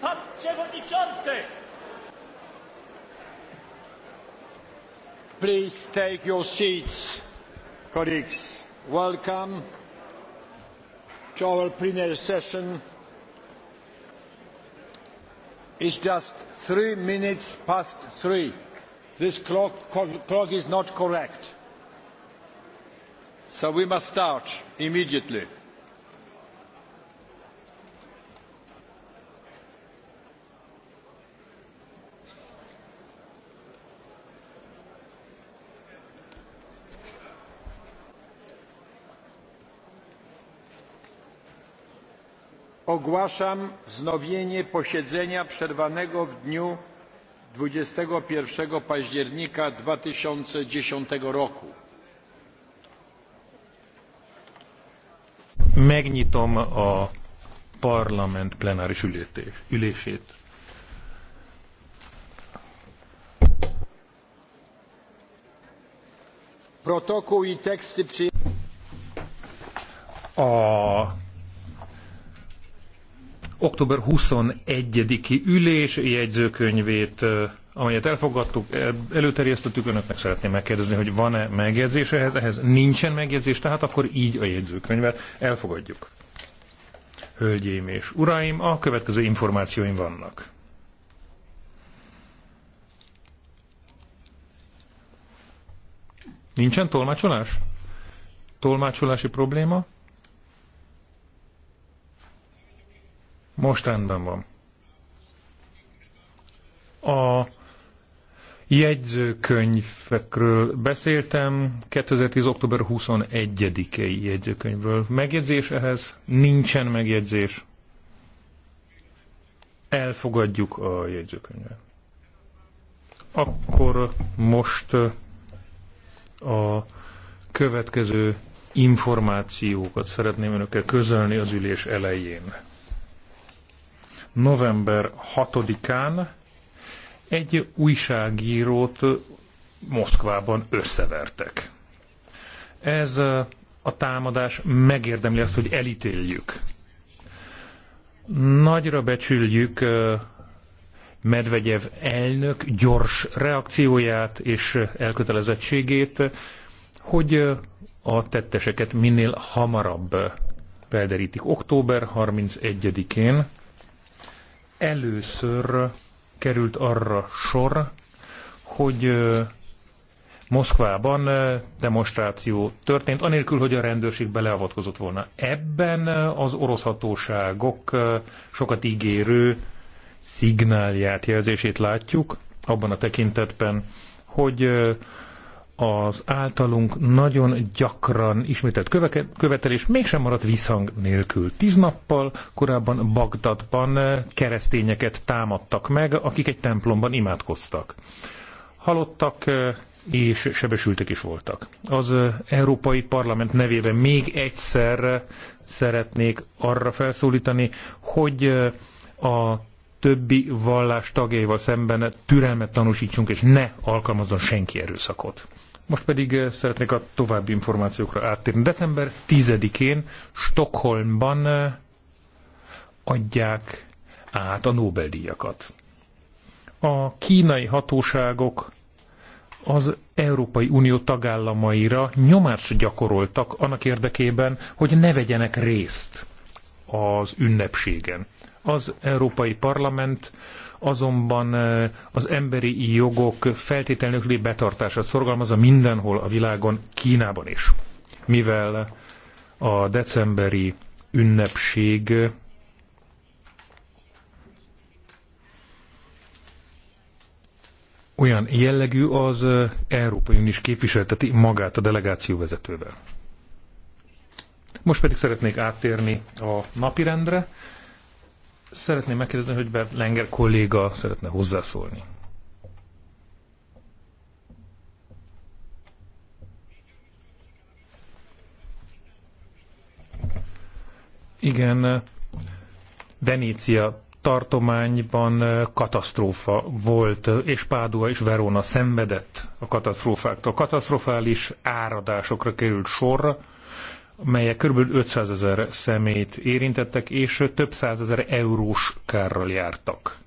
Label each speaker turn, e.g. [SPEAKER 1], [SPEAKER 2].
[SPEAKER 1] Pan Przewodniczący! Please take your seats, colleagues. Welcome to our plenary session. It's just three minutes past three. This clock, clock is not correct. So we must start immediately. ogłaszam wznowienie posiedzenia przerwanego w dniu dwadzieścia jeden października dwa tysiące dziesięć roku megnyitom a parlament plenáris ülését. Protokół i teksty przy... A október 21-i ülés jegyzőkönyvét, amelyet elfogadtuk, előterjesztettük, önöknek szeretném megkérdezni, hogy van-e megjegyzés ehhez, ehhez nincsen megjegyzés, tehát akkor így a jegyzőkönyvet elfogadjuk. Hölgyeim és uraim, a következő információim vannak. Nincsen tolmácsolás? Tolmácsolási probléma? Most rendben van. A jegyzőkönyvekről beszéltem, 2010. október 21-i jegyzőkönyvről. Megjegyzés ehhez? Nincsen megjegyzés. Elfogadjuk a jegyzőkönyvet. Akkor most a következő információkat szeretném önökkel közölni az ülés elején november 6-án egy újságírót Moszkvában összevertek. Ez a támadás megérdemli azt, hogy elítéljük. Nagyra becsüljük Medvegyev elnök gyors reakcióját és elkötelezettségét, hogy a tetteseket minél hamarabb felderítik. Október 31-én először került arra sor, hogy Moszkvában demonstráció történt, anélkül, hogy a rendőrség beleavatkozott volna. Ebben az orosz hatóságok sokat ígérő szignálját, jelzését látjuk, abban a tekintetben, hogy az általunk nagyon gyakran ismételt követelés mégsem maradt visszhang nélkül. Tíz nappal korábban Bagdadban eh, keresztényeket támadtak meg, akik egy templomban imádkoztak. Halottak eh, és sebesültek is voltak. Az eh, Európai Parlament nevében még egyszer szeretnék arra felszólítani, hogy a többi vallás tagjaival szemben türelmet tanúsítsunk, és ne alkalmazzon senki erőszakot. Most pedig eh, szeretnék a további információkra áttérni. December 10-én Stockholmban eh, adják át a Nobel-díjakat. A kínai hatóságok az Európai Unió tagállamaira nyomást gyakoroltak annak érdekében, hogy ne vegyenek részt az ünnepségen. Az Európai Parlament azonban az emberi jogok feltételnökli betartása szorgalmazza mindenhol a világon, Kínában is. Mivel a decemberi ünnepség olyan jellegű az Európai Unió is képviselteti magát a delegáció vezetővel. Most pedig szeretnék áttérni a napirendre. Szeretném megkérdezni, hogy Bert Lenger kolléga szeretne hozzászólni. Igen, Venécia tartományban eh, katasztrófa volt, eh, és Pádua és Verona szenvedett a katasztrófáktól. Katasztrofális áradásokra került sorra, melyek kb. 500 ezer szemét érintettek, és több százezer eurós kárral jártak.